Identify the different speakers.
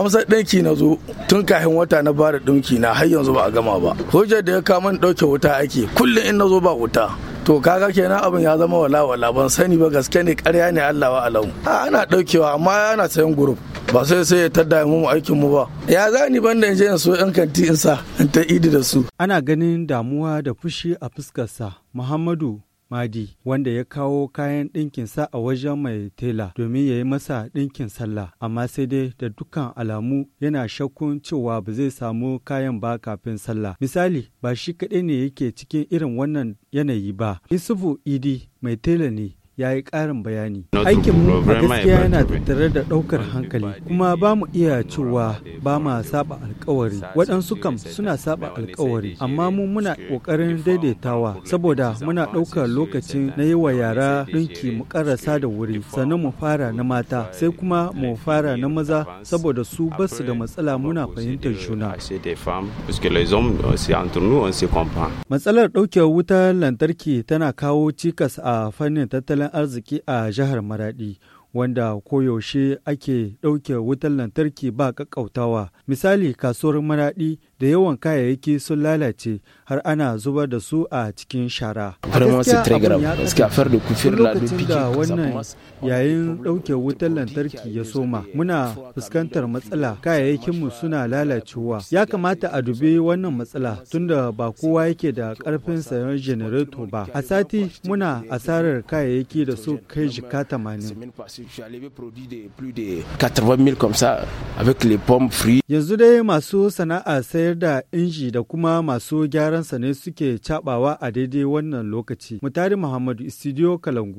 Speaker 1: amsar ɗinki na zo tun kafin wata na bada ɗinki na har yanzu ba a gama ba hujjar da ya kama ɗauke wuta ake kullum in na zo ba wuta to kaga kenan abin ya zama wala wala ban sani ba gaske ne ƙarya ne Allah wa alamu ana ɗaukewa amma ana sayan gurup ba sai sai ya tada mu aikin mu ba ya zani ban da in so yan kanti in sa in ta idi da su ana ganin
Speaker 2: damuwa da fushi a fuskarsa sa Muhammadu Madi wanda ya kawo kayan ɗinkinsa a wajen mai tela domin ya yi masa ɗinkin sallah amma sai dai da dukkan alamu yana shakkun cewa ba zai samu kayan ba kafin sallah. Misali ba shi kaɗai ne yake cikin irin wannan yanayi ba. Isufu Idi mai tela ne ya yi ƙarin bayani. aikin mu a gaskiya yana tattare da ɗaukar hankali kuma ba mu iya cewa ba ma saba alkawari. Waɗansu kam suna saba alkawari amma mu muna ƙoƙarin daidaitawa saboda muna ɗaukar lokacin na yi wa yara ɗinki mu ƙarasa da wuri sannan mu fara na mata sai kuma mu fara na maza saboda su basu da matsala muna fahimtar juna. Matsalar ɗaukewar wutar lantarki tana kawo cikas a fannin tattalin tattalin arziki a jihar Maradi. wanda koyaushe ake ɗauke wutar lantarki ba ƙaƙƙautawa. Misali kasuwar maraɗi da yawan kayayyaki sun lalace har ana zubar da su a cikin shara. Lokacin da wannan yayin ɗauke wutar lantarki ya soma muna fuskantar matsala kayayyakinmu suna lalacewa. Ya kamata a dubi wannan matsala tunda ba kowa yake da ƙarfin sayan janareto ba. A sati muna asarar kayayyaki da su kai jika 80. avec les pommes frites. Yanzu dai masu sana'a sayar da inji da kuma masu gyaran sa ne suke cabawa a daidai wannan lokaci. Mutari Muhammadu Studio Kalangu.